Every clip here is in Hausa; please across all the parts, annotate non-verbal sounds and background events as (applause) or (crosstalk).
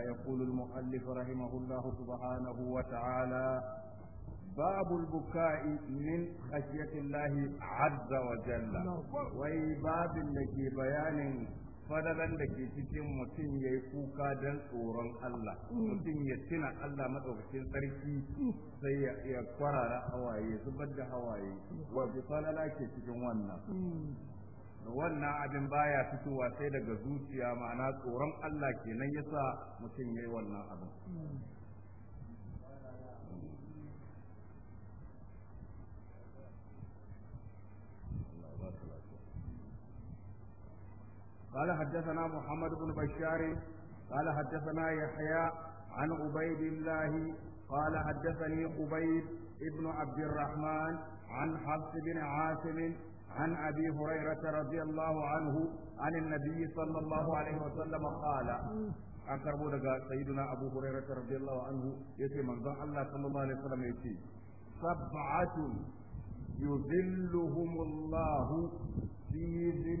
يقول المؤلف رحمه الله سبحانه وتعالى باب البكاء من خشية الله عز وجل وي باب لكي بيان da ke cikin mutum ya yi kuka don tsoron Allah mutum ya tuna Allah maɗaukacin sarki sai ya kwarara hawaye zubar da hawaye falala ke cikin wannan wannan abin baya fitowa sai daga zuciya ma'ana tsoron Allah kenan yasa mutum yayi wannan abin قال حدثنا محمد بن بشار قال حدثنا يحيى عن عبيد الله قال حدثني عبيد ابن عبد الرحمن عن حفص بن عاصم عن أبي هريرة رضي الله عنه عن النبي صلى الله عليه وسلم قال an karbo daga saiduna abu hurairah radiyallahu anhu yace manzon Allah sallallahu alaihi wasallam yace sab'atun yuzilluhumullahu fi yau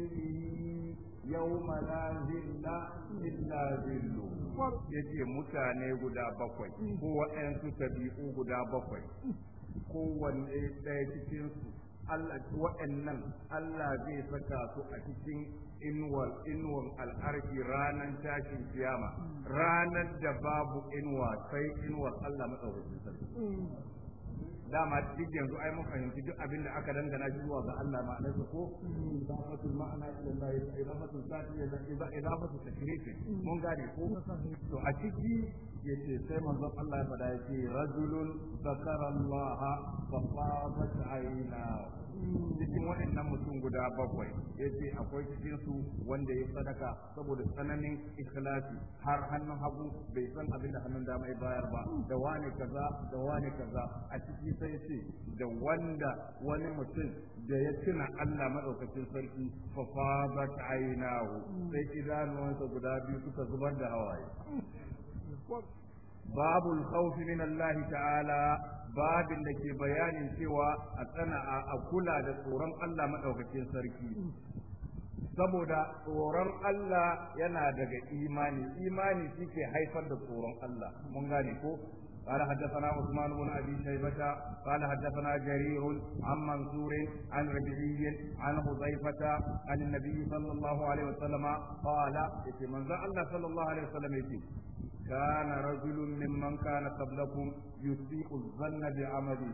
yawma la zilla illa zillu yace mutane guda bakwai ko waɗansu tabi'u guda bakwai kowanne ɗaya cikinsu. Allah waɗannan Allah zai saka su a cikin inwal inwan al'arfi ranar tashin kiyama ranar da babu inwa sai inwar Allah madaukakin sarki dama duk yanzu ai mun fahimci duk abin da aka dangana shi zuwa ga Allah ma'anar sa ko idafatul ma'ana ila Allah idafatul sati ila idafatul tashrik mun gane ko to a ciki yace sai manzon Allah ya fada yace rajulun zakara Allah fa aina cikin waɗannan mutum guda bakwai yace akwai cikin su wanda ya sadaka saboda tsananin ikhlasi har hannun hagu bai san abin da hannun dama ya bayar ba da wani kaza da wani kaza a ciki sai yace da wanda wani mutum da ya tuna Allah madaukakin sarki fa fadat sai idanuwansa guda biyu suka zubar da hawaye babu khawfi min Allah ta'ala babin da ke bayanin cewa a tsana a kula da tsoron Allah madaukakin sarki saboda tsoron Allah yana daga imani imani shike haifar da tsoron Allah mun gane ko قال حدثنا عثمان بن ابي شيبه قال حدثنا جرير عن منصور عن ربيعي عن حذيفه عن النبي صلى الله عليه وسلم قال في منزل الله صلى الله عليه وسلم يتي كان رجل ممن كان قبلكم يسيء الظن بعمله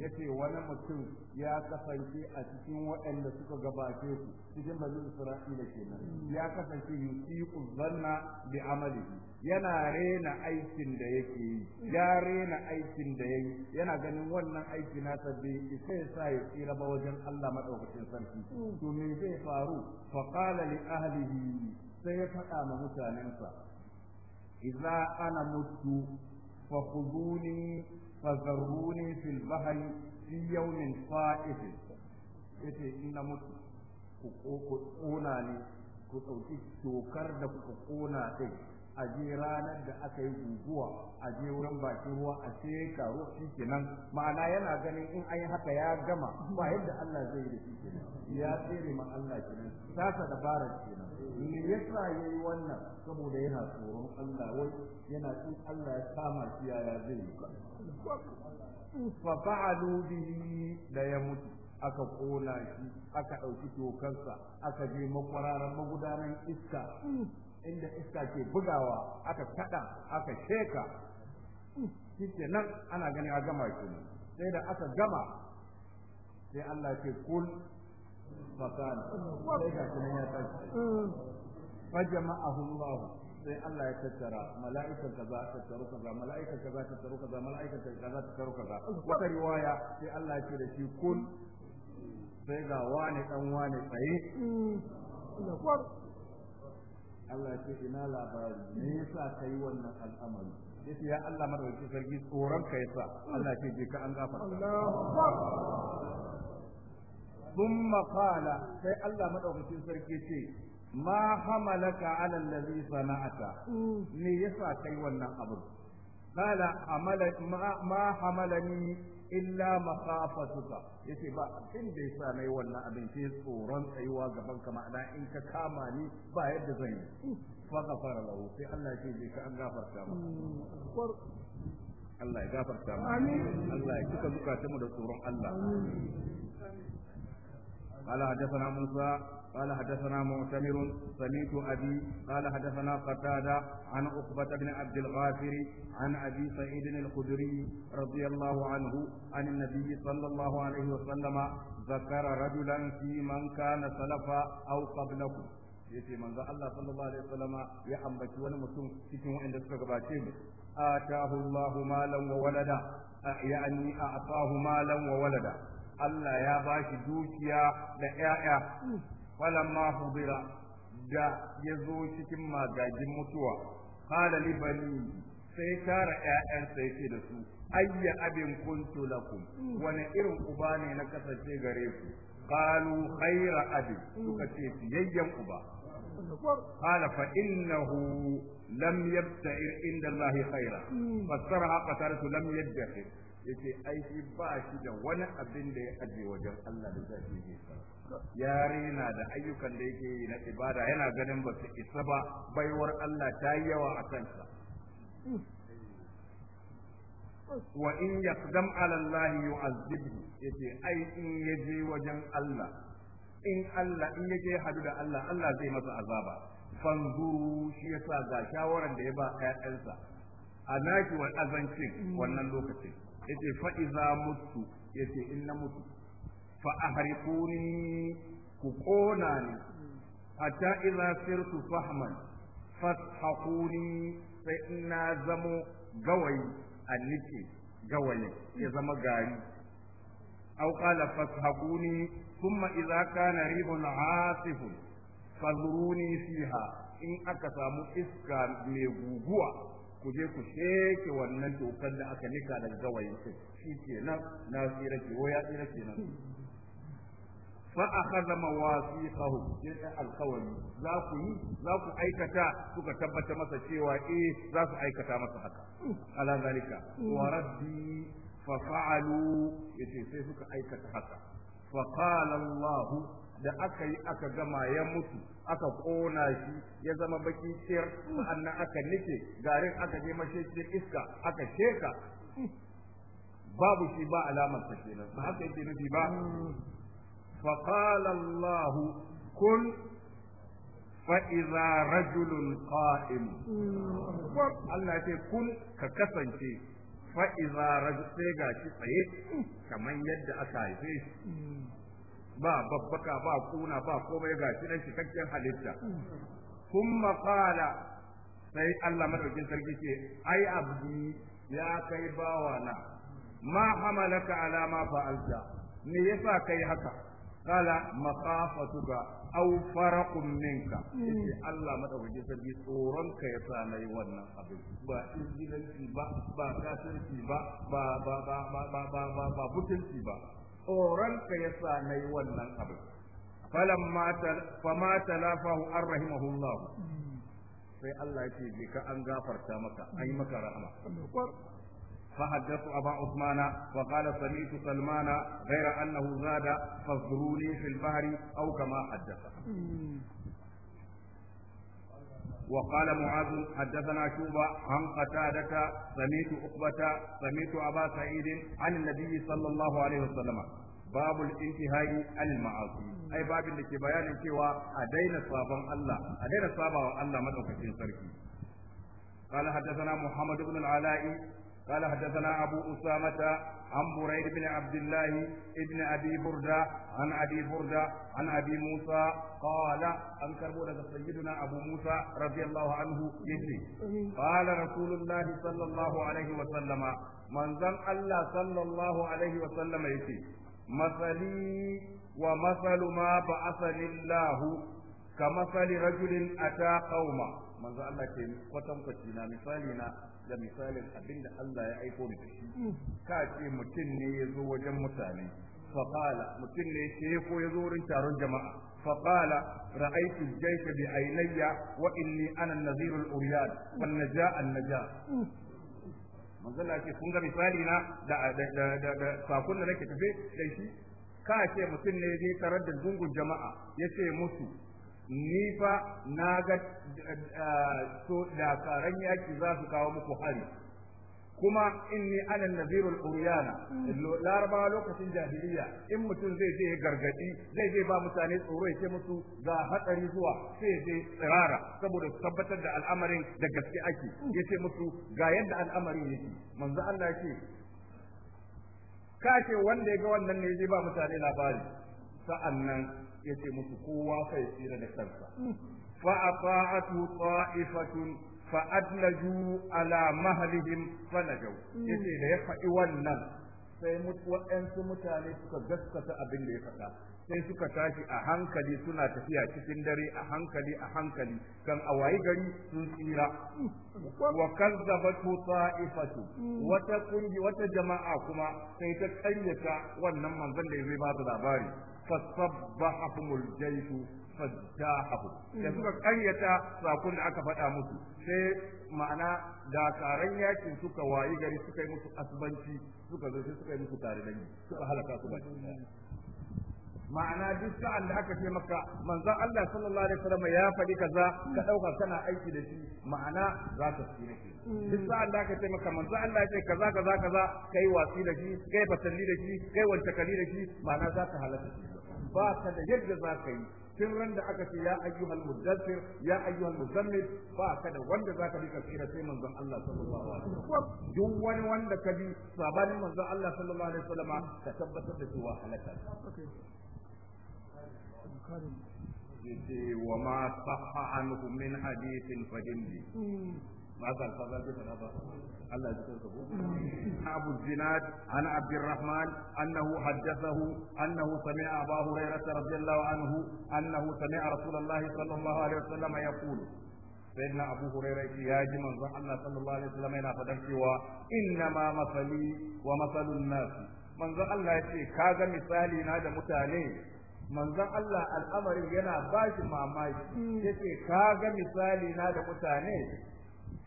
yace wani mutum ya kasance a cikin waɗanda suka gabace su cikin bazin isra'ila kenan ya kasance yusiqu zanna bi amalihi yana rena aikin da yake yi ya rena aikin da yayi yana ganin wannan aiki na sabbi sai sa ya tsira ba wajen Allah madaukakin sarki to me zai faru fa qala li ahlihi sai ya faɗa ma mutanensa إذا ana mutu fa فذروني في zarruni في يوم صائف إذا sa'if yace ina mutu ku kona ne ku da ku a ranar da aka yi guguwa a wurin bakin ruwa a ce ruwa shi kenan ma'ana yana ganin in an yi haka ya gama ba yadda Allah zai yi da shi kenan ya tsere ma Allah ke kenan sasa dabarar nan me yasa yayi wannan saboda yana tsoron Allah wai yana cin Allah ya kama shi ya zai yi fa fa'alu bihi da ya mutu aka kona shi aka ɗauki tokansa aka je makwararan magudanar iska inda iska ke bugawa aka kada aka sheka shi nan ana gani a gama shi sai da aka gama sai Allah ke kul fakana sai ga kuma ya fa fajama'ahu Allah sai Allah ya tattara mala'ikan kaza tattaru kaza mala'ikan kaza tattaru kaza mala'ikan kaza tattaru kaza wata riwaya sai Allah ya ce da shi kun sai ga wani dan wani tsaye Allah ya ce ina labari me yasa kai wannan al'amari yace ya Allah madaukakin sarki tsoron ka yasa Allah ya ce ka an gafarta Allahu akbar ثم قال سي الله مدوكين سركي ce ما حملك على الذي صنعت me yasa kai wannan abu قال عمل ما حملني illa makhafatuka yace ba abin da yasa nayi wannan abin tsoron tsayuwa gaban ka ma'ana in ka kama ni ba yadda zan yi fa ghafara lahu sai Allah ya ce ka an gafarta maka mm. Allah ya gafarta mu Allah ya cika zukatan mu da tsoron Allah قال حدثنا موسى قال حدثنا معتمر سميت أبي قال حدثنا قتادة عن عقبة بن عبد الغافر عن أبي سعيد الخدري رضي الله عنه عن النبي صلى الله عليه وسلم ذكر رجلا في من كان سلفا أو قبلكم yace manzo Allah sallallahu alaihi wasallama ya ambaci wani mutum cikin waɗanda suka gabace mu atahu Allahu malan wa walada ya'ni a'tahu malan wa walada Allah ya ba shi dukiya da ‘ya'ya, falamma hudura da ya zo cikin magajin mutuwa, kala libani sai tara ‘ya'yan sai da su, ayya abin kuntu lakum, wani irin uba ne na kasance gare ku, kalu khaira abin suka ce fiyayyen uba. قال فإنه inda يبتئر عند الله خيرا فسرها قتلت لم يدخر Ya ce aiki ba shi da wani abin da ya aje wajen Allah da zai yi ya rena da ayyukan da yake yi na ibada yana ganin ba su isa ba baiwar Allah ta yi yawa a kansa wa in yaqdam ala Allah yu'azzibhu yace ai in yaje wajen Allah in Allah in yaje hadu da Allah Allah zai masa azaba fanzuru shi yasa ga shawaran da ya ba ƴaƴansa a wal azanci wannan lokacin yace fa iza mutu yace in na mutu fa ahriquni ku kona ni hatta iza sirtu fahman fathaquni sai ina zamo gawayi annike gawayi ya zama gari aw qala fathaquni thumma iza kana ribun asifun fazuruni fiha in aka samu iska mai guguwa ku je ku sheke wannan dokar da aka nika daga gawayin su shi ke nan na tsira ke ya tsira ke nan fa akhadha mawasiqahu sai alqawli za ku yi za ku aikata suka tabbata masa cewa eh za su aikata masa haka ala zalika wa rabbi fa fa'alu yace sai suka aikata haka fa qala allah da aka yi aka gama ya mutu aka kona shi ya zama baki ciyar annan aka nike garin aka je mashecin iska aka sheka babu shi ba alamar ta kenan ba haka yake nufi ba fa qala Allah kun fa idza rajulun qa'im Allah ya ce kun ka kasance fa idza rajul sai gashi tsaye kamar yadda aka haife shi ba babbaka ba kuna ba komai shi nan cikakken halitta kuma qala sai Allah madaukin sarki ce ai abdi ya kai bawa na ma hamalaka ala ma fa'alta me yasa kai haka kala maqafatuka aw faraqun minka sai Allah madaukin sarki tsoron ka yasa nayi wannan abu ba injilanci ba ba kasirci ba ba ba ba ba ba ba ba tsoronka ya sa na yi wannan abu fama talafahu an rahimahullahu sai Allah ya ce je ka an gafarta maka an yi maka rahama فحدثت أبا عثمان وقال سمعت سلمان غير أنه زاد فاصبروني في البحر أو كما حدث وقال معاذ حدثنا شوبة عن قتادة سميت أقبة سميت أبا سعيد عن النبي صلى الله عليه وسلم باب الانتهاء عن المعاصي أي باب اللي بيان كوا أدينا صابا الله أدينا صابا الله مدوكة سركي قال حدثنا محمد بن العلاء قال حدثنا أبو أسامة عن بريد بن عبد الله ابن أبي بردة عن أبي بردة عن أبي موسى قال أنكر بولد سيدنا أبو موسى رضي الله عنه يجري قال رسول الله صلى الله عليه وسلم من ذن الله صلى الله عليه وسلم يجري مثلي ومثل ما بعثني الله كمثل رجل أتى قوما manzo Allah ke kwatan kwaci na misali na da misalin abin da Allah ya aiko ni da shi ka ce mutum ne ya zo wajen mutane faqala mutum ne ya ko ya zo wurin taron jama'a faqala ra'aytu al-jaysh bi aynayya wa inni ana an-nazir wan najaa an-najaa manzon ce kun ga misali na da da da sakon da nake tafe da shi ka ce mutum ne ya je tarar da zungun jama'a ya ce musu ni fa na ga eh, dakaran yaki za su kawo muku hari kuma inni ana nazirul uryana mm. larabawa lokacin jahiliya in mutum zai je gargadi zai je ba mutane tsoro ya ce musu ga hatsari zuwa sai je tsirara saboda su tabbatar da al'amarin da gaske ake mm. ya ce musu ga yadda al'amarin yake manzo Allah ce ka ce wanda ya ga wannan ne zai ba mutane labari sa'annan yace musu kowa sai tsira da kansa fa ata'atu ta'ifatun fa adlaju ala mahlihim fa najaw yace da ya faɗi wannan sai su mutane suka gaskata abin da ya faɗa sai suka tashi a hankali suna tafiya cikin dare a hankali a hankali kan a wayi gari sun tsira wa kazzabatu ta'ifatu wata kungi wata jama'a kuma sai ta karyata wannan manzon da ya ba labari فصبحهم الجيش فجاحهم Da suka karyata sakon da aka faɗa musu sai ma'ana da dakaran yakin suka wayi gari suka yi musu asibanci suka zo sai suka yi musu tare dangi suka halaka su baki ma'ana duk sa'an da aka ce maka manzon Allah sallallahu alaihi wasallam ya faɗi kaza ka dauka kana aiki da shi ma'ana za ka tsira shi duk sa'an da aka ce maka manzon Allah ya ce kaza kaza kaza kai wasi da shi kai fatalli da shi kai wantakali da shi ma'ana za ka halaka shi ba ka da yadda za ka yi tun ran da aka ce ya ayyuhal mudaththir ya ayyuhal muzammil ba ka da wanda za ka bi ka tsira sai manzon Allah sallallahu alaihi wasallam duk wani wanda ka bi sabani manzon Allah sallallahu alaihi wasallam ka tabbatar da cewa halaka yace wa ma sahha anhu min hadithin fadindi hmm. ما قال فضل جدا الله يذكرك أبو الزناد عن عبد الرحمن أنه حدثه أنه سمع أبا هريرة رضي الله عنه أنه سمع رسول الله صلى الله عليه وسلم يقول سيدنا أبو هريرة يا جماعة الله صلى الله عليه وسلم إلى فدرك إنما مثلي ومثل الناس من ذا الله يتي كاغا مثالي نادى متاني manzon Allah al'amarin yana ba shi mamaki yace ka ga misali na da mutane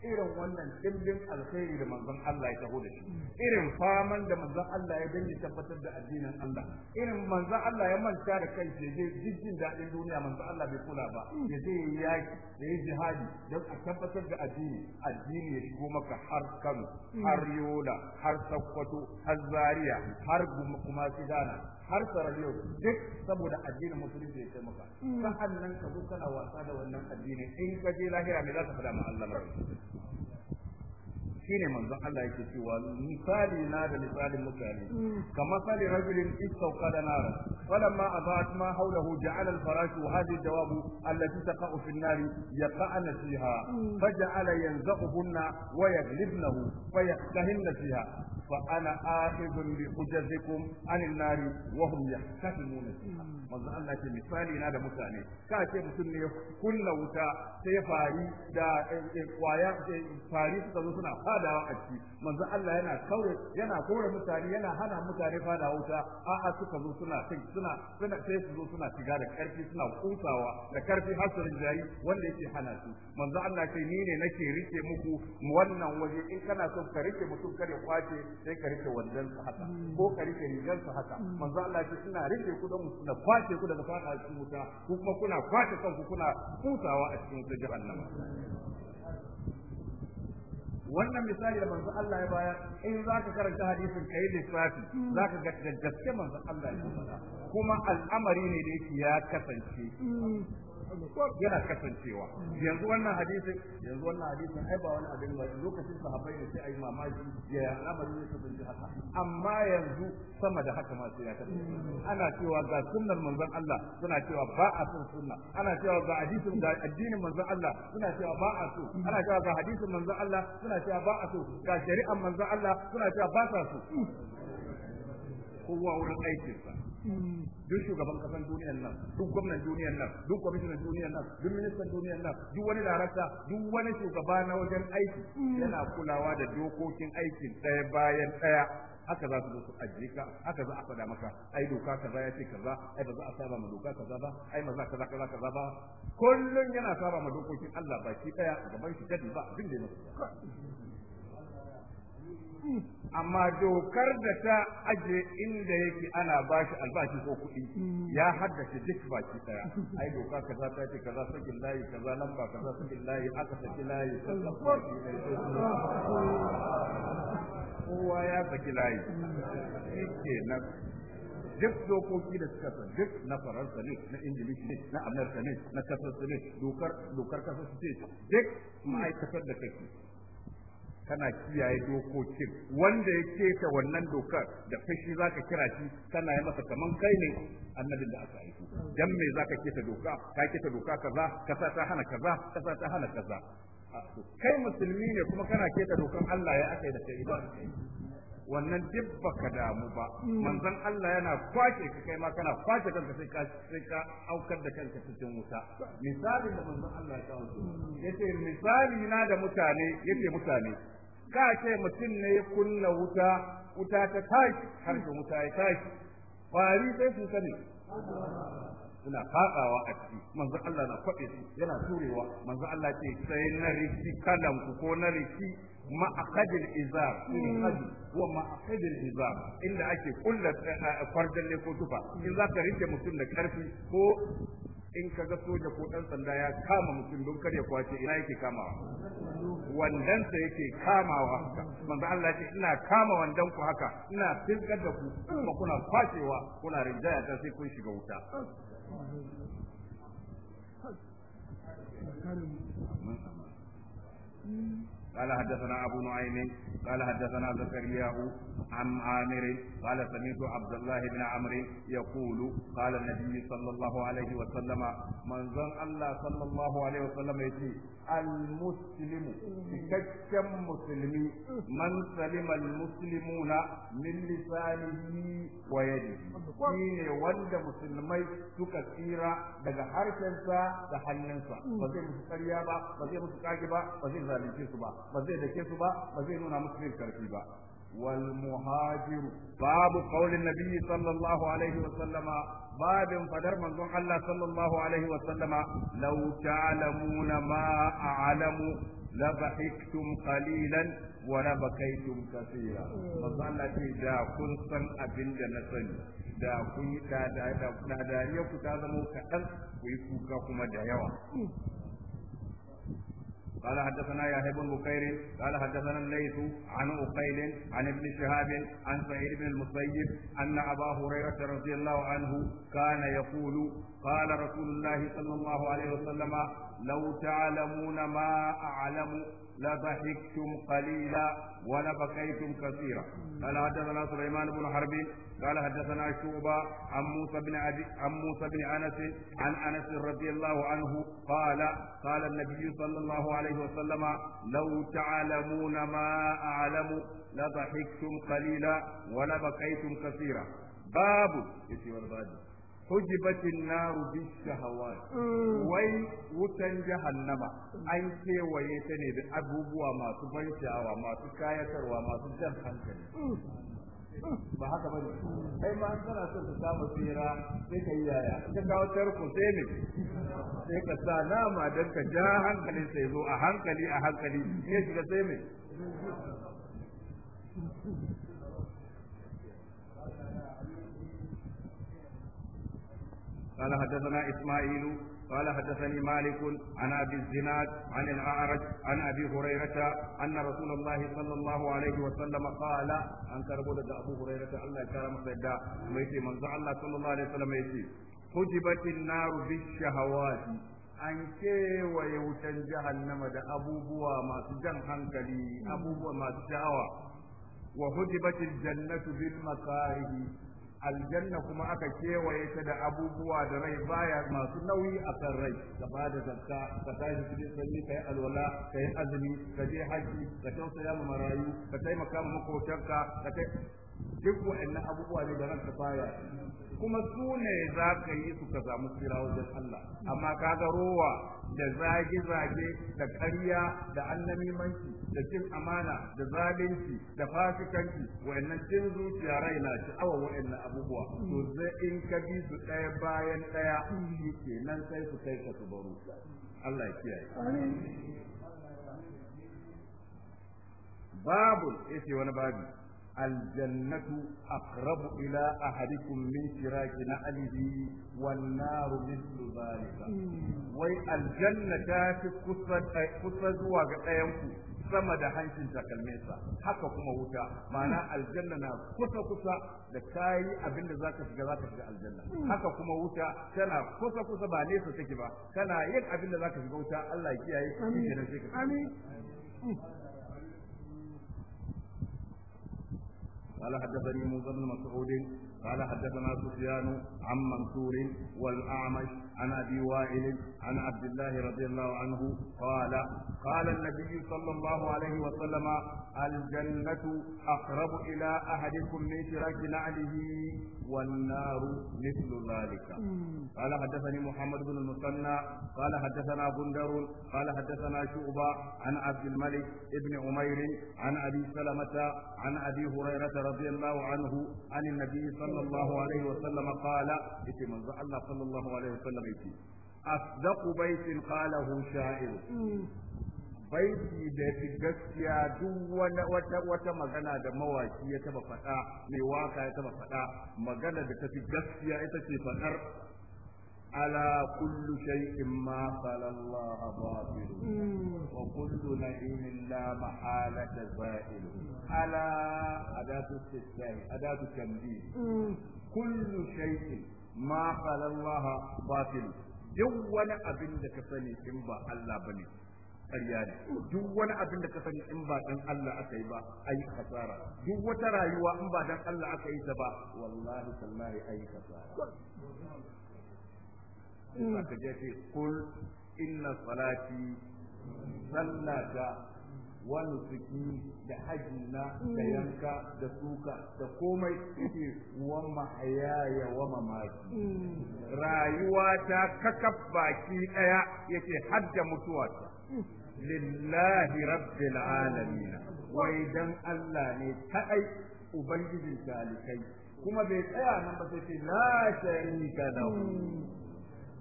irin wannan dimbin alkhairi da manzon Allah ya taho da shi irin faman da manzon Allah ya dangi tabbatar da addinin Allah irin manzon Allah ya manta da kai je je jijjin daɗin duniya manzon Allah bai kula ba ya je yaki ya yi jihadi don a tabbatar da addini addini ya shigo maka har Kano har Yola har Sokoto har Zaria har kuma Sidana har su yau duk saboda addinin musulunci ya maka sa'an nan ka zo kana wasa da wannan addini in ka je lahira me za ka fada ma Allah bai shine manzo Allah yake cewa misali na da misalin mutane hmm. kamar sali rajulin istauqada nara فلما أضاءت ما حوله جعل الفراش وهذه الجواب التي تقع في النار يقعن فيها فجعل ينزقهن ويغلبنه فيقتهن فيها فأنا آخذ بحجزكم عن النار وهم يقتهمون فيها manzo Allah ce misali na da mutane ka ce mutum ne kulla wuta sai fari da kwaya fari suna fadawa a ciki manzo Allah yana kaure mutane yana hana mutane fadawa wuta a'a suka zo suna suna suna sai su zo suna shiga da karfi suna kusawa da karfi har su rinjayi wanda yake hana su manzo Allah ce ni ne nake rike muku wannan waje in kana son ka rike mutum kare kwace sai ka rike wandan sa haka ko ka rike rigan sa haka manzo Allah ce suna rike ku da musu da kwace ku daga fada cikin wuta ku kuma kuna kwace kanku kuna kusawa a cikin jahannama wannan misali da manzo Allah ya bayar in zaka karanta hadisin kai lissafi zaka ga gaske manzo Allah ya faɗa kuma al'amari ne da yake ya kasance yana kasancewa yanzu wannan hadisin yanzu wannan hadisin ai ba wani abin ba lokacin sahabbai ne sai ai mamaji ya al'amari ne bin haka amma yanzu sama da haka ma sai ya kasance ana cewa ga sunnar manzon Allah suna cewa ba a son sunna ana cewa ga hadisin ga addinin manzon Allah suna cewa ba a so ana cewa ga hadisin manzon Allah suna cewa ba a so ga shari'ar manzon Allah suna cewa ba sa so kowa wurin aikinsa duk shugaban kasan duniyar nan duk gwamnan duniyar nan duk kwamishinan duniyar nan duk ministan duniyar nan duk wani darakta duk wani shugaba na wajen aiki yana kulawa da dokokin aikin ɗaya bayan ɗaya haka za su zo su ajiye ka haka za a faɗa maka ai doka kaza ya ce kaza ai ba za a saba ma doka kaza ba ai maza kaza kaza kaza ba kullun yana saba ma dokokin Allah baki ɗaya gaban shi dadi ba abin da ya amma dokar da ta aje inda yake ana bashi albashi ko kuɗi ya haddace duk baki daya ai doka ka za ta ce ka za sakin layi ka za lamba ka za sakin layi aka saki layi kowa ya saki layi yake na duk dokoki da suka san duk na faransa ne na ingilishi ne na amurka ne na kasar ne dokar dokar kasar su ce duk ma'aikatar da kake kana kiyaye dokokin wanda ya keta wannan dokar da fashi za ka kira shi kana yi masa kaman kai ne annabin da aka aiko dan me ka keta doka ka keta doka kaza sa ta hana kaza sa ta hana kaza kai musulmi ne kuma kana keta dokan Allah ya aka da kai ba wannan duk baka damu ba manzon Allah yana kwace ka kai ma kana kwace kanka sai ka sai ka aukar da kanka cikin wuta misali da manzon Allah ya kawo yace misali na da mutane yace mutane ka ce mutum ne ya kunna wuta wuta ta tashi harshen wuta ya tashi kwari sai su sani suna fadawa a ciki manzo Allah na kwabe su yana turewa manzo Allah ce sai na riki kalam ku ko na riki ma aqadil izar hmm. wa ma aqadil izar inda ake kullu fardalle eh, eh, ko tufa in zaka rike mutum da karfi ko in ka ga soja ko ɗan sanda ya kama mutum don kar ya kwace ina yake kamawa sai yake kamawa haka manzo Allah ce ina kama wandan ku haka ina tilkar da ku kuma kuna kwacewa kuna rinjaya ta sai kun shiga wuta قال حدثنا أبو نعيم قال حدثنا زكريا عن عامر قال سمعت عبد الله بن عمرو يقول قال النبي صلى الله عليه وسلم من ظن الله صلى الله عليه وسلم يجي المسلم تكشم مسلمي من سلم المسلمون من لسانه ويده shine wanda musulmai suka tsira daga harshensa da hannunsa ba zai musu ƙarya ba ba zai musu kage ba ba zai zalunce su ba ba zai dake su ba ba zai nuna musu yin karfi ba wal muhajiru babu qaulin nabiyyi sallallahu alaihi wa sallama babin fadar manzon Allah sallallahu alaihi wa sallama law ta'lamuna ma a'lamu la bahiktum qalilan wa la bakaytum kaseera manzon Allah ce da kun san abin da na sani da kun yi da da da ku ta zama kaɗan ku yi kuka kuma da yawa قال حدثنا يحيى بن بكير قال حدثنا الليث عن أقيل عن ابن شهاب عن سعيد بن المسيب أن أبا هريرة رضي الله عنه كان يقول قال رسول الله صلى الله عليه وسلم لو تعلمون ما أعلم لضحكتم قليلا ولبكيتم كثيرا قال حدثنا سليمان بن حرب قال حدثنا شعبة عن موسى بن عدي عن موسى بن أنس عن أنس رضي الله عنه قال قال النبي صلى الله عليه وسلم لو تعلمون ما أعلم لضحكتم قليلا ولبكيتم كثيرا باب يتي والبادي hujibatin naru bi shahawat mm. wai wutan jahannama an kewaye ta ne da abubuwa masu ban sha'awa masu kayatarwa masu jan hankali mm. ba haka ba ne kai ma kana son ka samu tsira sai ka yi yaya ka kawo tarko sai ne sai ka sa nama don ka ja hankalin sai zo a hankali a hankali sai shiga sai ne حدثنا إسماعيل قال حدثني مالك عن أبي الزناد عن الأعرج عن أبي هريرة أن رسول الله صلى الله عليه وسلم قال أن كربولة أبو هريرة الله كرم سيدا ميتي من الله صلى الله عليه وسلم ميتي حجبت النار بالشهوات أن كيو يوتن جهنم أبو abubuwa ما jan حنكلي أبو masu ما wa hujibatil وحجبت الجنه makarihi aljanna kuma aka kewaye ta da abubuwa da rai baya masu nauyi a kan rai ka ba da zakka ka tashi cikin sanyi ka yi alwala ka yi azumi ka je haji ka tausaya ma marayu ka taimaka ma makotanka ka kai duk waɗannan abubuwa ne da ranka baya kuma su ne za ka yi suka samu tsira wajen Allah amma ka ga rowa da zage-zage da ƙarya da annamimanci da cin amana da zalunci da fasikanci wa'annan cin zuciya rai na awa wa'annan abubuwa to zai in ka bi su ɗaya bayan ɗaya shi kenan sai su kai ka su baro Allah ya kiyaye babu yace wani babu الجنة أقرب إلى أحدكم من شراك نعله والنار مثل ذلك وي الجنة كسر زواج أيامكم sama da hancin takalminsa haka kuma wuta ma'ana aljanna na kusa kusa da kayi abin da zaka shiga zaka shiga aljanna haka kuma wuta tana kusa kusa ba nesa take ba tana yin abin da zaka shiga wuta Allah ya kiyaye shi قال حدثني موسى بن مسعود قال حدثنا سفيان عن منصور والأعمش عن أبي وائل عن عبد الله رضي الله عنه قال قال النبي صلى الله عليه وسلم الجنة أقرب إلى أحدكم من شراك نعله والنار مثل ذلك قال حدثني محمد بن المثنى قال حدثنا بندر قال حدثنا شعبة عن عبد الملك بن عمير عن أبي سلمة عن أبي هريرة رضي الله عنه عن النبي صلى الله عليه وسلم قال إتي من الله صلى الله عليه وسلم إتي أصدق بيت قاله شاعر baiti da fi gaskiya duk wata wata magana da mawaki ya taba faɗa mai waka ya taba faɗa magana da ta gaskiya ita ce faɗar على كل شيء ما خلا الله باطل وكل نعيم لا محالة زائل على أداة استفهام أداة تنبيه كل شيء ما خلا الله باطل duk wani abin da ka sani in ba Allah bane ƙarya ne duk wani abin da ka sani in ba dan Allah aka yi ba ai hasara duk wata rayuwa in ba dan Allah aka yi ta ba wallahi tallahi ai hasara ka je ce kul inna salati sallata wa nusuki da na da yanka da suka da komai ce wa mahayaya wa mamaki rayuwa ta kakaf baki daya yake hadda mutuwa ta lillahi rabbil alamin wai dan Allah ne kadai ubangiji talikai kuma bai tsaya nan ba sai ce la sharika lahu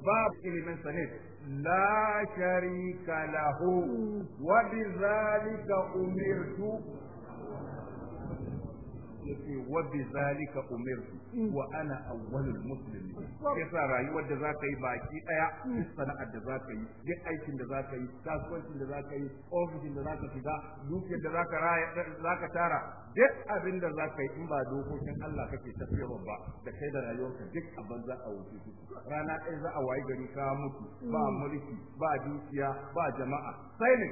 babu ilimin sanin لا شريك له zalika أمرت yace wa bi zalika umirtu wa ana awwalul muslimin yasa rayuwar da zaka yi baki daya sana'ar da zaka yi duk aikin da zaka yi kasuwancin da zaka yi ofishin da zaka shiga dukiyar da zaka raya zaka tara duk abin da zaka yi in ba dokokin Allah kake tafiyarwa ba da kai da rayuwarka duk abin za a wuce rana ɗaya za a wayi gari ka mutu ba mm. mulki ba dukiya ba jama'a sai ne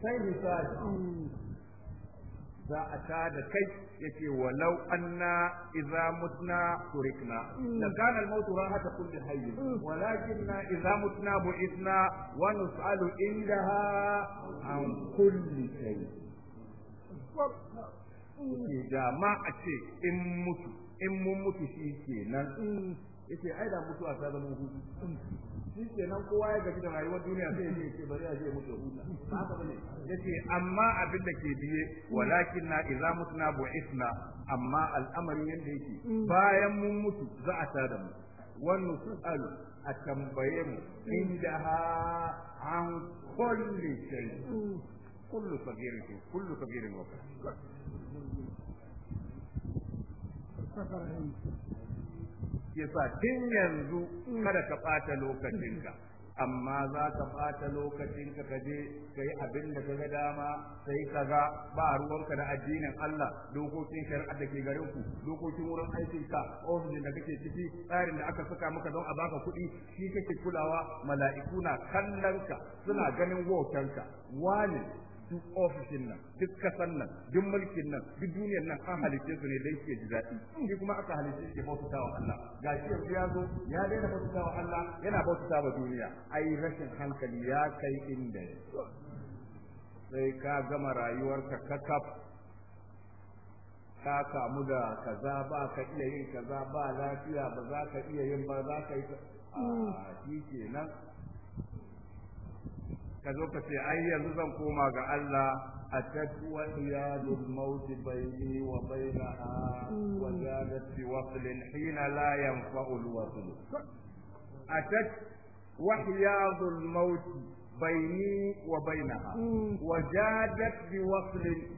sai ta za a tada kai yace walau anna idza mutna turikna mm. la kana al maut rahata kull hayy mm. walakinna idza mutna bu'ithna wa nus'alu indaha an kulli shay Jama'a mm. ma a ce in mutu in mun mutu shi kenan yace ai da mutuwa ta zama hutu shi kenan kowa ya gaji da rayuwar duniya sai ya ce bari a je mutu huta haka bane yace amma abin da ke biye walakin na idza mutuna bu'ithna amma al'amarin yanda yake bayan mun mutu za a tada mu wannan su'alu a tambaye mu ha an kulli shay kullu sabirin kullu sabirin wa yasa tun yanzu kada ka ɓata lokacinka amma za ka ɓata lokacinka ka je ka yi abin da ka ga dama sai ka ga ba ruwanka da addinin Allah dokokin shari'a da ke garin ku dokokin wurin aikin ka ofishin da kake ciki tsarin da aka saka maka don a baka kuɗi shi kake kulawa mala'iku na kallon ka suna ganin wautanka wani duk ofishin nan duk kasan nan duk mulkin nan duk duniyar nan an halice su ne dai ke ji daɗi shi kuma aka halice shi bautata wa Allah ga shi yanzu ya zo ya daina bautata wa Allah yana bautata wa duniya ai rashin hankali ya kai inda ya sai ka gama rayuwarka kakaf ka kamu da kaza ba ka iya yin kaza ba lafiya ba za ka iya yin ba za ka yi a mm. ah, shi kenan ka zo ka ce ai yanzu zan koma ga Allah a tatwa iyadul maut bayni wa bainaha wa zadat fi waqlin hina la yanfa'u al-wasl atat wahyadul maut bayni wa bainaha wa zadat bi waqlin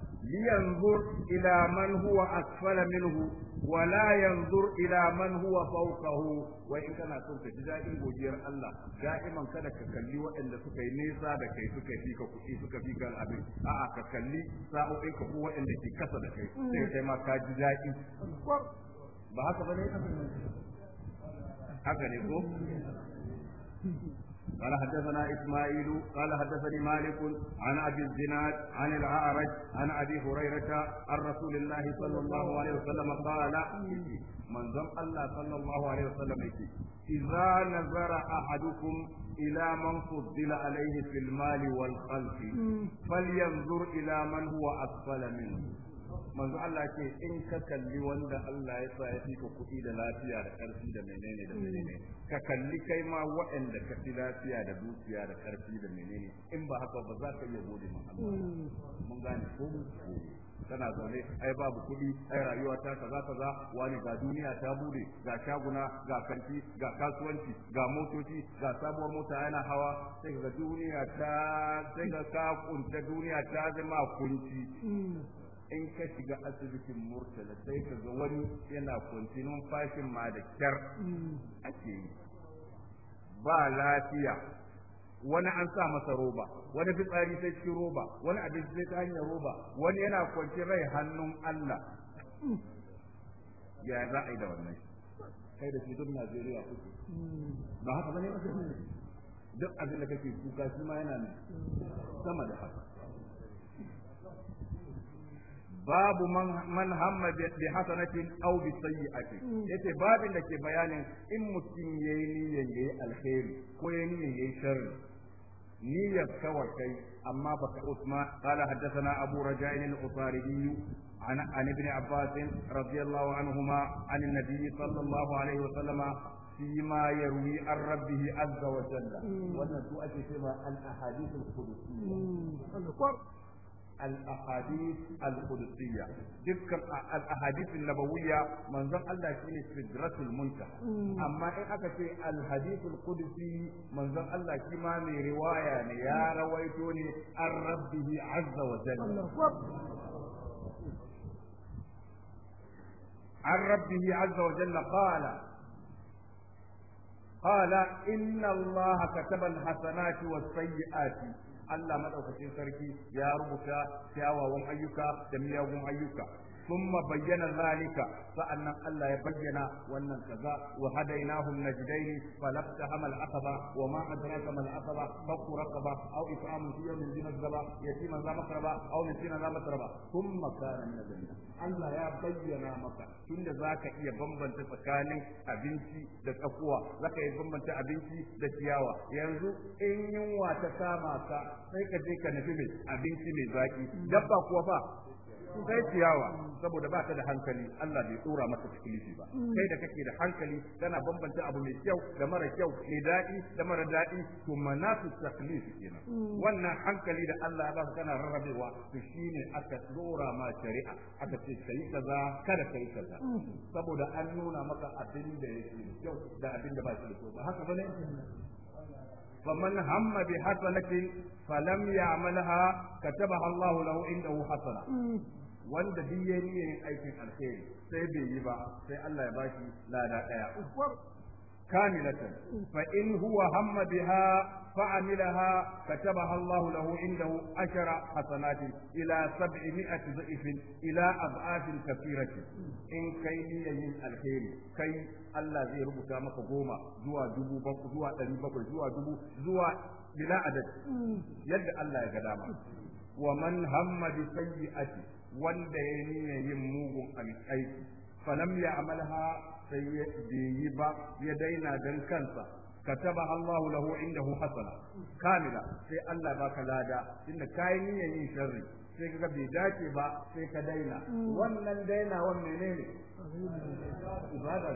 لينظر إلى من هو أسفل منه ولا ينظر إلى من هو فوقه وإن كان سوف جزائي وجير الله دائما كان كالي وإن سوف ينسى بكي سوف فيك وكي سوف فيك الأبي آآ كالي ساو إيك هو إن لكي كسا دكي سيما كجاهل ba haka bane haka ne قال حدثنا إسماعيل قال حدثني مالك عن أبي الزناد عن الأعرج عن أبي هريرة عن رسول الله صلى الله عليه وسلم قال من ذم الله صلى الله عليه وسلم إذا نظر أحدكم إلى من فضل عليه في المال والخلق فلينظر إلى من هو أسفل منه manzo Allah ce in ka kalli wanda Allah ya sa ya fi ka kuɗi da lafiya da ƙarfi da menene da menene ka kalli kai ma waɗanda ka fi lafiya da dukiya da ƙarfi da menene in ba haka ba za ka iya gode ma Allah hmm. mun gane ko kana zaune ai babu kuɗi ai rayuwa ta kaza kaza wani ga duniya ta bude ga shaguna ga kanti ga kasuwanci ga motoci ga sabuwar mota yana hawa sai ga duniya ta sai ga ka kunta duniya ta zama kunci hmm. in ka shiga asibitin murtala sai ka ga wani yana kwanci numfashin ma da kyar ake yi ba lafiya wani an sa masa roba wani fitsari sai cikin roba wani abinci sai ta hanyar roba wani yana kwanci rai hannun Allah ya za a yi da wannan kai da shi duk Najeriya kuke ba haka bane ba duk abin da kake kuka shi ma yana sama da haka babu man hamma bi hasanatin aw bi sayyi'ati hmm. yace babin da ke bayanin in mutum yayi niyyar yayi alkhairi ko yayi niyyar yayi sharri niyyar kawai kai amma baka usma qala haddathana abu raja'in al-usaridi عن عن ابن عباس رضي الله عنهما عن النبي صلى الله عليه وسلم فيما يروي عن ربه عز وجل وانا سؤال فيما الاحاديث القدسيه الأحاديث القدسية تلك الأحاديث النبوية من ذن الله في سدرة المنتهى أما إن إيه أكت الحديث القدسي من ذن الله كما رواية يعني يا رويتوني عن ربه عز وجل عن ربه عز وجل قال قال إن الله كتب الحسنات والسيئات Allah madaukakin sarki ya rubuta kyawawan ayyuka da miyagun ayyuka ثم بين ذلك فأن الله يبين وأن كذا وهديناهم نجدين فلفتهم العقبة وما أدراك ما العقبة فك رقبة أو إطعام في يوم من مسغبة يتيما ذا مقربة أو مسكينا ذا مسربة ثم كان من الذين الله يبين مكة تند ذاك إيا بمبن تسكاني أبنتي da tsakuwa zaka yi bambanta abinci da ciyawa yanzu in yunwa ta kama ka sai ka je ka nufi sai ciyawa saboda ba ta da hankali Allah bai tsora maka taklifi ba mm. kai da kake da hankali kana bambanta abu mai kyau da mara kyau mai daɗi da mara daɗi to manatu taklif kenan mm. wannan hankali da Allah ya baka kana rarrabewa to shine aka tsora ma shari'a aka ce kai kaza kada kai kaza mm. saboda an nuna maka abin da yake kyau da abin da ba shi da kyau ba haka bane فمن هم بحسنة فلم يعملها كتبها الله له عنده حسنة wanda duk ya niyyar aikin alheri sai bai yi ba sai Allah ya bashi lada ɗaya. ukwar kamilatan fa in huwa hamma biha fa amilaha katabaha Allah lahu indahu ashara hasanatin ila 700 dhifin ila ab'atin kathiratin in ka niyyar yin alkhairi kai Allah zai rubuta maka goma zuwa dubu zuwa 700 zuwa dubu zuwa bila adad yadda Allah ya ga dama wa man hamma bi sayyi'ati wanda ya nuna yin mugun fa falam ya amalha sai ya yi ba ya daina dan kansa Allahu كتبها الله له عنده حسنة كاملة في lada, inda ka yi كاين yin شر sai kaga bai dace ba sai ka daina wannan daina wannan ne ne ibada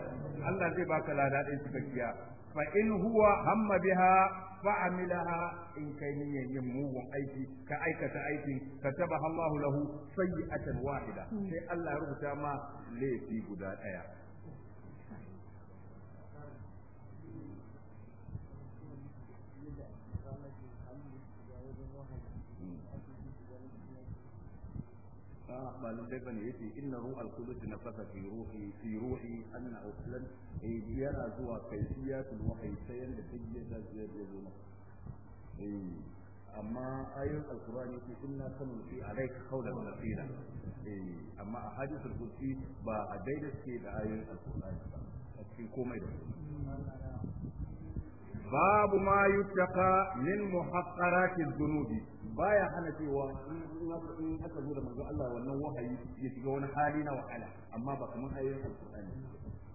Allah zai baka lada ɗin cikakkiya fa in huwa hamma biha fa amilaha in kai niyyar yin mugun aiki ka aikata aiki ka taba Allahu lahu sayyi'atan wahida hmm. sai Allah ya rubuta ma laifi guda daya hmm. ba bane yace inna ruh qudus nafasa fi ruhi fi ruhi anna uslan eh zuwa kaifiyatul wahyi sai yanda take da zai zo eh amma ayoyin alkurani su inna fi eh amma a hadisul ba a daida suke a cikin komai da babu ma yutaka min baya hana cewa in aka zo da manzo Allah wannan wahayi ya shiga wani hali na wahala amma ba kamar ayoyin alqur'ani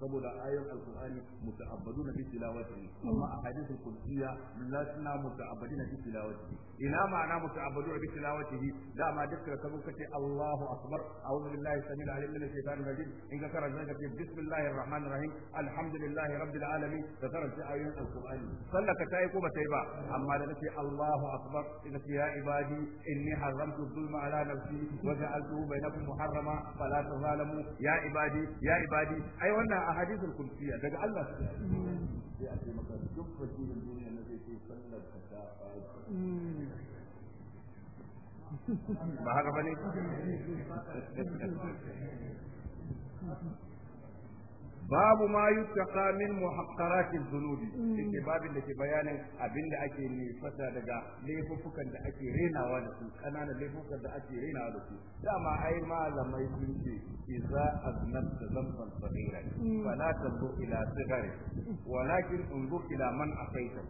saboda ayoyin alqur'ani muta'abbaduna bi tilawati amma a ahadithul qudsiyya lasna muta'abbadina bi tilawati ina ma'ana muta'abbaduna bi tilawati dama dukkan kabu kace Allahu akbar a'udhu billahi samil alim min shaitanir rajim in ka karanta ka ce bismillahir rahmanir rahim alhamdulillahi rabbil alamin ka karanta ayoyin alqur'ani sallaka tayi ko ba tayi ba amma da kace Allahu akbar in ce ya ibadi inni haramtu dhulma ala nafsi wa ja'altuhu bainakum muharrama fala tazalamu ya ibadi ya ibadi ai wannan احاديث الكرسيه ده الله سبحانه يا اخي ما شوف في الدنيا الذي في سنة الفتاة (laughs) babu ma yuttaqa min muhaqqaratiz dhunubi yake mm. babin da ke bayanin abinda ake fata daga laifukan da ake renawa da su kananan laifukan da ake renawa da su dama ai malamai sun ce idza aznabta dhanban saghira mm. fala tabu ila sighari walakin unzu ila man aqaita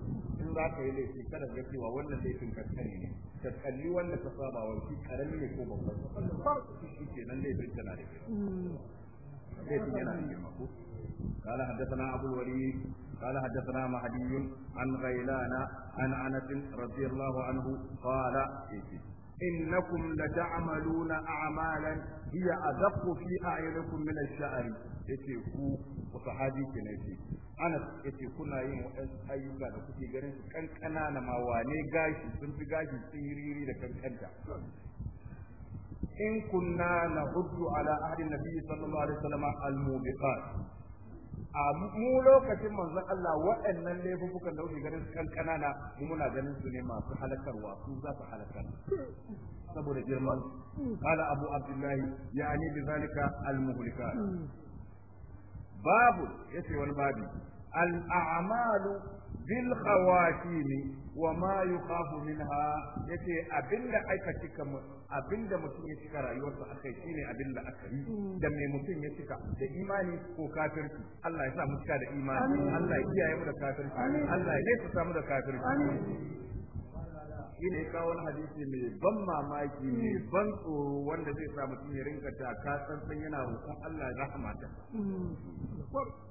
in za ka yi laifi kada ga cewa wannan laifin kaskare ne ka kalli wanda ka saba wa shi karami ne ko babban shi nan laifin tana da girma mm. laifin yana da girma ko قال حدثنا أبو الوليد قال حدثنا مهدي عن غيلان عن أنس رضي الله عنه قال إنكم لتعملون أعمالا هي أدق في أعينكم من الشعر يتيكو وصحابي كنتي أنا يتيكو نايم وأس أيوكا نكتي غرين كان كان أنا ما واني غاشي سنت غاشي سيريري لكن كنتا إن كنا نغض على أهل النبي صلى الله عليه وسلم الموبقات a mu lokacin manzon Allah waɗannan laifukan da kuke ganin su kankana na mu muna ganin su ne masu halakarwa su za su halakar saboda girman Kala abu abdullahi ani bi zalika al muhlika babu yace wani babi al a'malu bil khawatimi wa ma yukhafu minha yace abinda aka cika abinda mutum ya cika rayuwarsa akai shine abinda aka yi da mai mutum ya cika da imani ko kafirci Allah ya sa mu cika da imani Allah ya kiyaye mu da kafirci Allah ya sa mu da kafirci shine ya kawo wani hadisi mai ban mamaki mai ban tsoro wanda zai sa mutum ya rinka ta kasan yana roƙon Allah ya rahama ta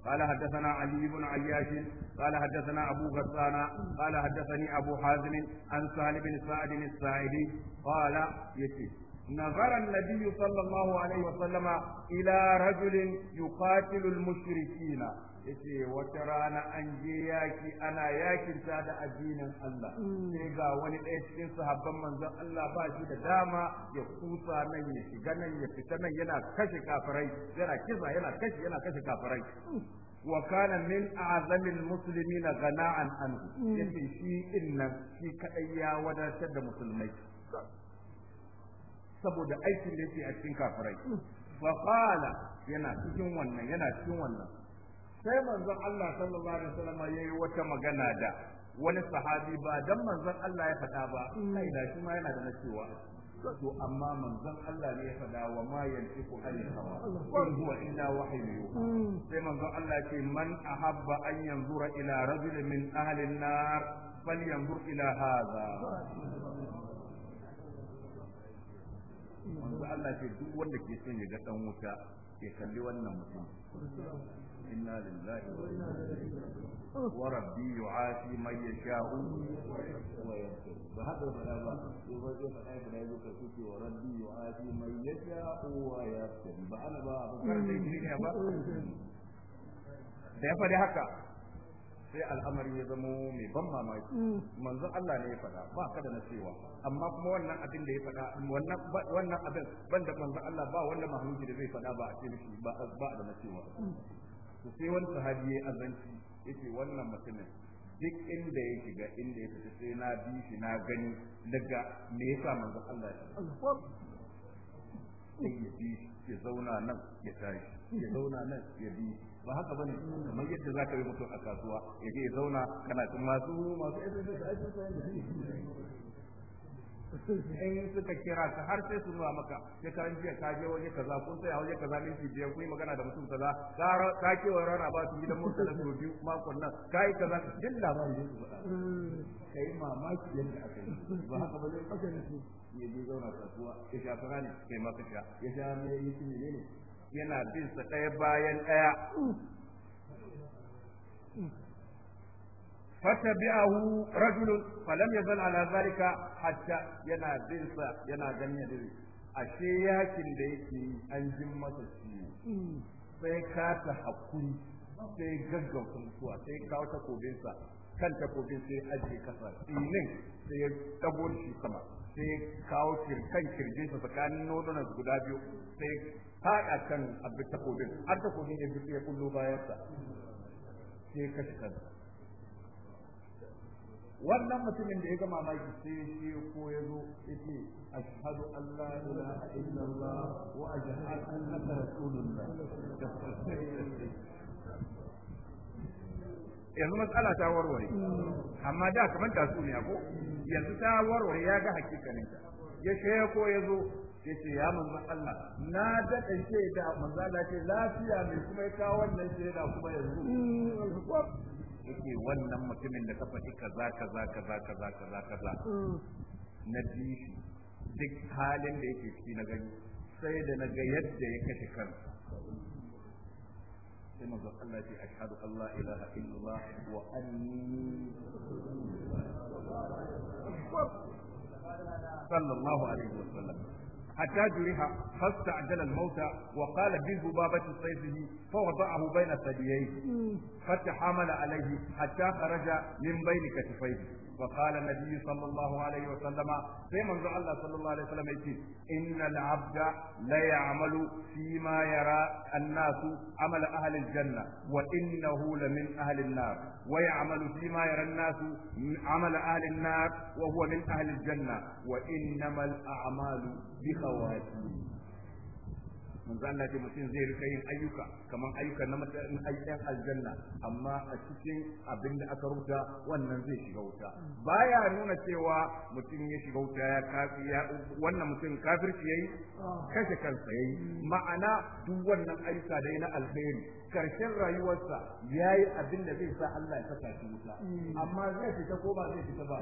قال حدثنا علي بن عياش قال حدثنا أبو غسان قال حدثني أبو حازم عن سهل بن سعد الساعدي قال يتي نظر النبي صلى الله عليه وسلم إلى رجل يقاتل المشركين yace wata rana an je yaki ana yakinta da addinin Allah mm. sai ga wani ɗaya cikin sahabban manzon Allah ba shi da dama ya kusa nan ya shiga nan ya fita nan yana kashe kafirai yana kisa yana kashe yana kashe kafirai wa kana min a'zamil muslimin gana'an an mm. yace shi innan shi kadai ya wadatar da musulmai saboda aikin da yake a cikin kafirai mm. fa qala yana cikin wannan yana cikin wannan sai manzon Allah sallallahu alaihi wasallam yayi wata magana da wani sahabi ba dan manzon Allah ya faɗa ba kai da shi ma yana da nacewa to amma manzon Allah ne ya faɗa wa ma yantiku anil hawa in huwa illa wahyu yuha sai manzon Allah ce man ahabba an yanzura ila rajul min ahli an-nar falyanzur ila hadha manzon Allah ce duk wanda ke son ya ga dan wuta ya kalli wannan mutum inna lillahi wa inna ilaihi wa rabbi yu'ati man yasha'u wa yaghfir ba haka fara ba sai ba sai fara da yazo ka kuce wa rabbi yu'ati man yasha'u wa yaghfir ba ana ba abin da yake ba da ya fara haka sai al'amari ya zamo mai ban mamaki mm. manzo Allah ne ya faɗa ba ka da nasewa amma kuma wannan abin da ya faɗa wannan wannan abin banda manzo Allah ba wanda mahluki da zai faɗa ba a cikin shi ba ba da nasewa mm. to sai wani sahabi ya azanci yace wannan mutumin duk inda ya shiga inda ya fita sai na bi shi na gani daga me yasa manzo Allah ya bi ya zauna nan ya tashi ya zauna nan ya bi ba haka bane kamar yadda zaka yi mutum a kasuwa ya je ya zauna kana cin masu masu SSS ai sun san in suka kira ka har sai su nuna maka sai ka jiya ka je waje kaza kun sai waje kaza ne ki biyar kun yi magana da mutum kaza ka ke wa rana ba su gidan mutum da su biyu makon nan ka yi kaza duk labarin da su faɗa ka yi mamaki yadda aka yi ba haka ba zai ɓace ne su ya je zauna kasuwa ya sha fara ne kai masu sha ya sha mai yi ne ne yana bin sa ɗaya bayan ɗaya ya zan ala يزل على yana bin sa yana ganye da ni. ashe yakin da yake yi an ji masa ciwo sai ka ta hakuri sai gaggauta mutuwa sai kawo takobinsa kan takobin sai ajiye kasa tsinin sai ya dago shi sama sai kawo kirkan kirjinsa tsakanin nodunan guda biyu sai faɗa kan abin takobin har takobin ya bi ya kullo sa sai ka kashe wannan mutumin da ya gama maki sai shi ko ya zo ya ce ashhadu an la ilaha illallah wa ajhadu anna rasulullah yanzu matsala ta warware amma da kamar tasu ko yanzu ta warware ya ga hakikanin ya sheko ya zo Yace ce ya manzon Allah na daɗa shaida manzon Allah ce lafiya ne kuma ya kawo wannan shaida kuma yanzu yake wannan mutumin da ka faɗi kaza kaza kaza kaza kaza za na bi duk halin da yake ciki na gani sai da na ga yadda ya kashe kansa sai manzon Allah ce ashhadu an la ilaha illallah wa anni sallallahu alaihi wasallam حتى جرح فاستعجل الموت وقال بذبابة سيفه فوضعه بين ثدييه فتحامل عليه حتى خرج من بين كتفيه وقال النبي صلى الله عليه وسلم في منذ الله صلى الله عليه وسلم يقول إن العبد لا يعمل فيما يرى الناس عمل أهل الجنة وإنه لمن أهل النار ويعمل فيما يرى الناس عمل أهل النار وهو من أهل الجنة وإنما الأعمال بخواتيم manzo Allah ce mutum zai rika yin ayyuka kamar ayyuka na mutanen ayyukan aljanna amma a cikin abin da aka rubuta wannan zai shiga wuta baya nuna cewa mutum ya shiga wuta ya kafi ya wannan mutum kafirci yayi kashe kansa yayi ma'ana duk wannan ayyuka da na alkhairi karshen rayuwarsa yayi abin da zai sa Allah ya saka shi wuta amma zai fita ko ba zai fita ba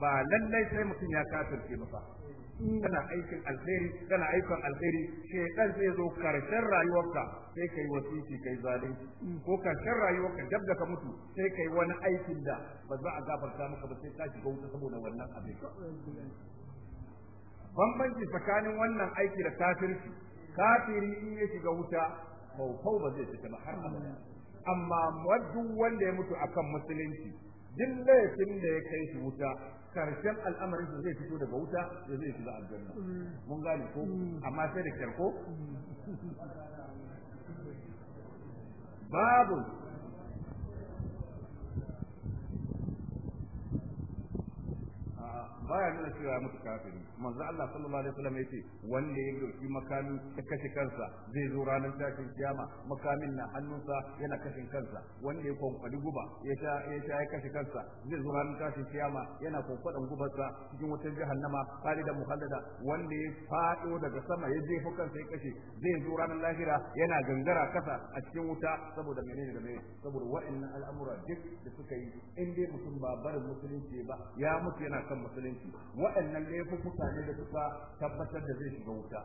ba lallai sai mutum ya kafirce ba kana aikin alheri kana aikin alheri dan zai zo karshen rayuwarka sai kai wasiki kai zalunci ko karshen rayuwarka dab da ka mutu sai kai wani aikin da ba za a gafarta maka ba sai ka shiga wuta saboda wannan abin bambanci tsakanin wannan aiki da kafirci kafiri in ya shiga wuta kaukau ba zai fita ba har amma duk wanda ya mutu akan musulunci duk laifin da ya kai wuta karshen al'amarin su zai fito daga wuta ya zai shiga aljanna mun gane ko amma sai da kyar mm. babu baya nuna cewa ya mutu kafiri manzo Allah sallallahu alaihi wasallam yace wanda ya dauki makamin ya kashe kansa zai zo ranar tashin kiyama makamin na hannunsa yana kashin kansa wanda ya kwankwadi guba ya sha ya sha ya kashe kansa zai zo ranar tashin kiyama yana kwankwadan gubarsa cikin wutar jahannama da muhallada wanda ya fado daga sama ya je kansa ya kashe zai zo ranar lahira yana gangara kasa a cikin wuta saboda menene da menene saboda wa'annan al'amura duk da suka yi in dai mutum ba barin musulunci ba ya mutu yana kan musulunci musulunci waɗannan laifuffuka ne da suka tabbatar da zai shiga wuta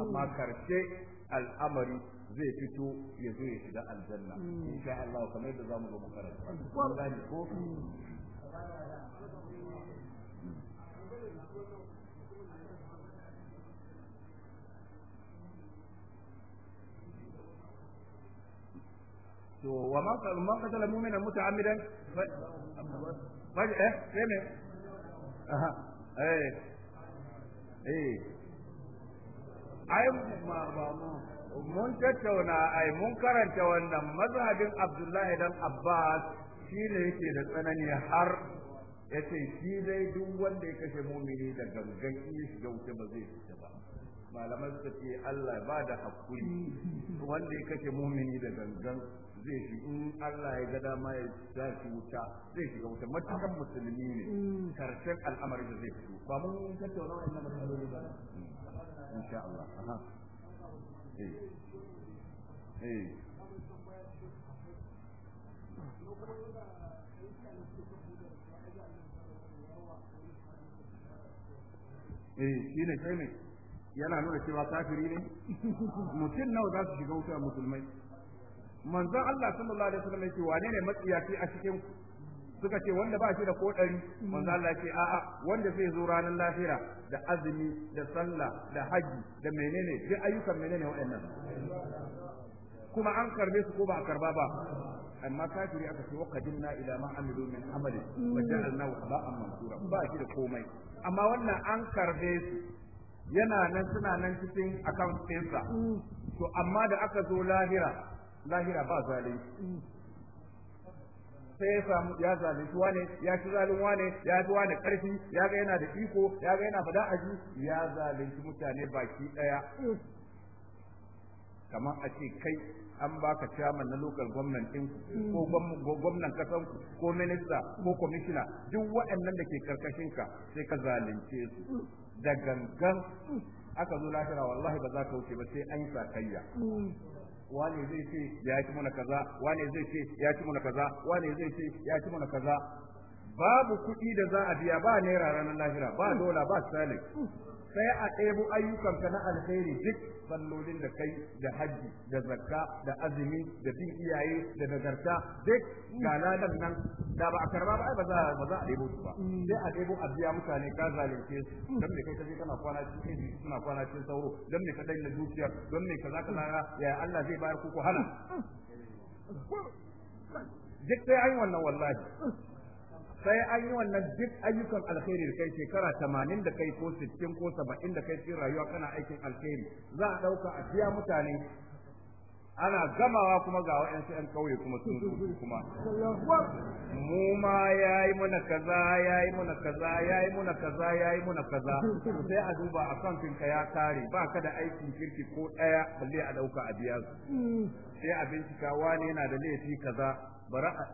amma hmm. karshe al'amari zai fito ya zo ya shiga aljanna hmm. insha Allah kamar yadda zamu zo mu karanta wallahi hmm. ko to wa ma qatala mu'mina muta'ammidan fa eh sai Eh. Eh. ai mun tattauna ai mun karanta wannan mazhabin Abdullahi dan Abbas shi ne yake da tsanani har yace shi dai duk wanda ya kashe mumini da gangan iya shiga wuce ba zai fita ba malaman suka ce Allah ba da hakuri wanda ya kashe mumini da gangan zai shi in Allah ya ga dama ya za shi wuta zai shiga wuta matakan musulmi ne mm. karshen al'amarin da zai fito ba mun tattauna wannan matsaloli ba insha Allah aha eh eh eh shi ne kai ne yana nuna cewa kafiri ne (laughs) mutum nawa za su shiga wuta musulmai manzon Allah sallallahu alaihi wasallam yake wane ne matsiyaci a cikin ku suka ce wanda ba shi da kodari manzo Allah ce a'a wanda zai zo ranar lahira da azumi da sallah da haji da menene duk ayyukan menene waɗannan kuma an karbe su ko ba a karba ba amma kafiri aka ce waqadinna ila ma amilu min amali wa ba haba'an mansura ba shi da komai amma wannan an karbe su yana nan suna nan cikin account ɗinsa to amma da aka zo lahira lahira ba zalunci sai ya samu ya zalunci wane ya ci zalun wane ya fi wane karfi ya ga yana da iko ya ga yana fada aji ya zalunci mutane baki daya kamar a ce kai an baka chairman na local government din ko gwamnan kasan ku ko minista ko commissioner duk waɗannan da ke karkashin ka sai ka zalunce su da gangan aka zo lahira wallahi ba za ka wuce ba sai an yi sakayya wane zai ce ya ci mana kaza wane zai ce ya ci mana kaza wane zai ce ya ci mana kaza babu kuɗi da za a biya ba naira ranar lahira ba dola ba salin sai a ɗebo ayyukanka na alkhairi duk sallolin da kai da hajji da zakka da azumi da bin iyaye da nagarta duk galadan nan da ba a karba ba ai ba za ba za a ɗebo su ba sai a ɗebo a biya mutane ka zalunce su dan me kai je kana kwana cikin ji suna kwana cikin sauro don me ka daina zuciya ka me ka lara ya Allah zai bayar ku ku hana duk sai yi wannan wallahi sai an yi wannan duk ayyukan alkhairi da kai shekara tamanin da kai ko sittin ko saba'in da kai cikin rayuwa kana aikin alkhairi za a ɗauka a biya mutane ana gamawa kuma ga wa'yansu 'yan kauye kuma sun zuzu kuma mu ma ya yi muna kaza ya yi muna kaza ya yi muna kaza ya yi muna kaza sai a duba a kan ya kare ba ka da aikin kirki ko ɗaya balle a ɗauka a biya su sai a bincika wani yana da laifi kaza bara a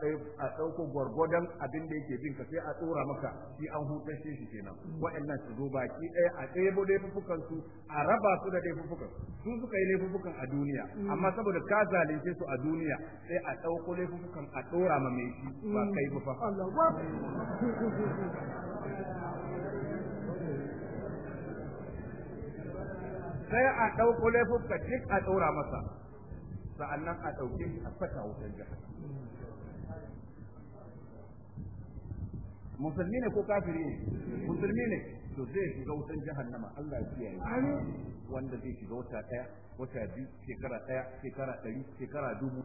a ɗauko gwargwadon abin da yake ka sai a tsora maka shi an hutashe shi kenan mm. wa'annan su zo baki ɗaya a ɗebo laifukan su a raba su da laifukan su suka yi laifukan a duniya mm. amma saboda ka zalunce su a duniya sai a ɗauko laifukan a ɗora ma mai shi ba mm. kai ba fa sai a ɗauko laifukan duk a ɗora masa sa'annan a ɗauke shi a saka wutar jihar musulmi ne ko kafiri ne musulmi ne to zai shiga wutan jahannama Allah ya kiyaye wanda zai shiga wata daya wata biyu shekara daya shekara ɗari shekara dubu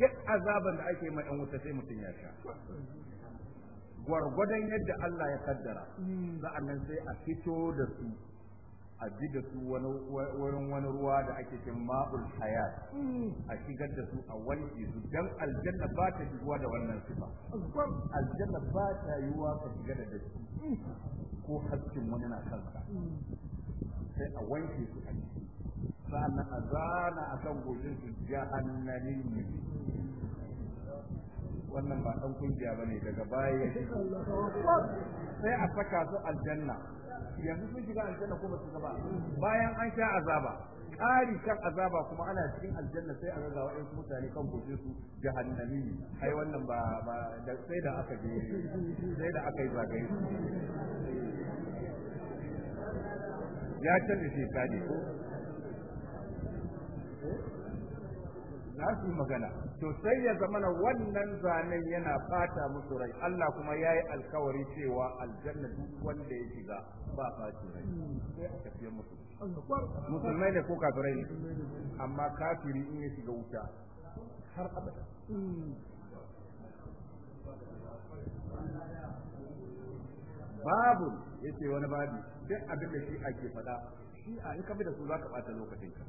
duk azaban da ake mai yan wuta sai mutum ya sha gwargwadon yadda Allah ya kaddara hmm. nan sai a fito da su a ji da su wurin wani ruwa da ake ce ma'ul hayat a shigar da su a wanke su don aljanna ba ta shigowa da wannan sifa aljanna ba ta yiwuwa ka shiga da su, ko haskin wani na kanka sai a wanke su a ciki sa'annan a zana kan gojin su jahannami wannan ba ɗan kungiya ne daga baya sai a saka su aljanna yanzu sun shiga aljanna ko ba su ba bayan an sha azaba ƙari kan azaba kuma ana cikin aljanna sai a ga ɗansu mutane kan guje su jahannami ai wannan ba sai da aka je sai da aka yi zagaye ya canza shekaru ko za su magana to sai ya zama na wannan zanen yana fata musu rai Allah kuma ya yi alkawari cewa aljanna duk wanda ya shiga ba faci rai sai a tafiyar musu musulmai ne ko kafirai ne amma kafiri in ya shiga wuta har abada babu yace wani babu sai abin da shi ake faɗa shi a in ka bi da su za ka ɓata lokacin ka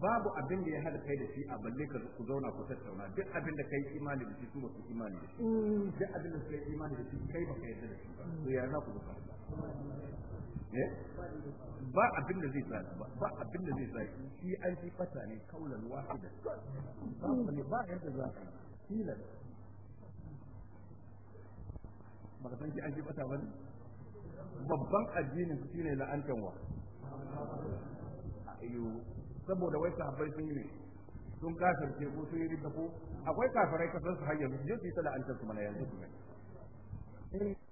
babu abin da ya hada kai da shi a balle ka ku zauna ku tattauna duk abin da kai imani da shi su basu imani da shi mm. duk abin da su kai imani da shi kai ba kai da shi ba to ya za ku zuka eh? ba abin da zai tsaya ba ba abin da zai tsaya shi an fi fata ne kaulan wahida ba ne ba yadda za ka yi ba ka san shi an fi fata ba babban addinin shine la'antan wa ayyo saboda wai sahabbai sun yi ne sun kafirce ko sun yi ridda ko akwai kafirai kasar su har yanzu jinsi su yi ta la'antar su mana yanzu su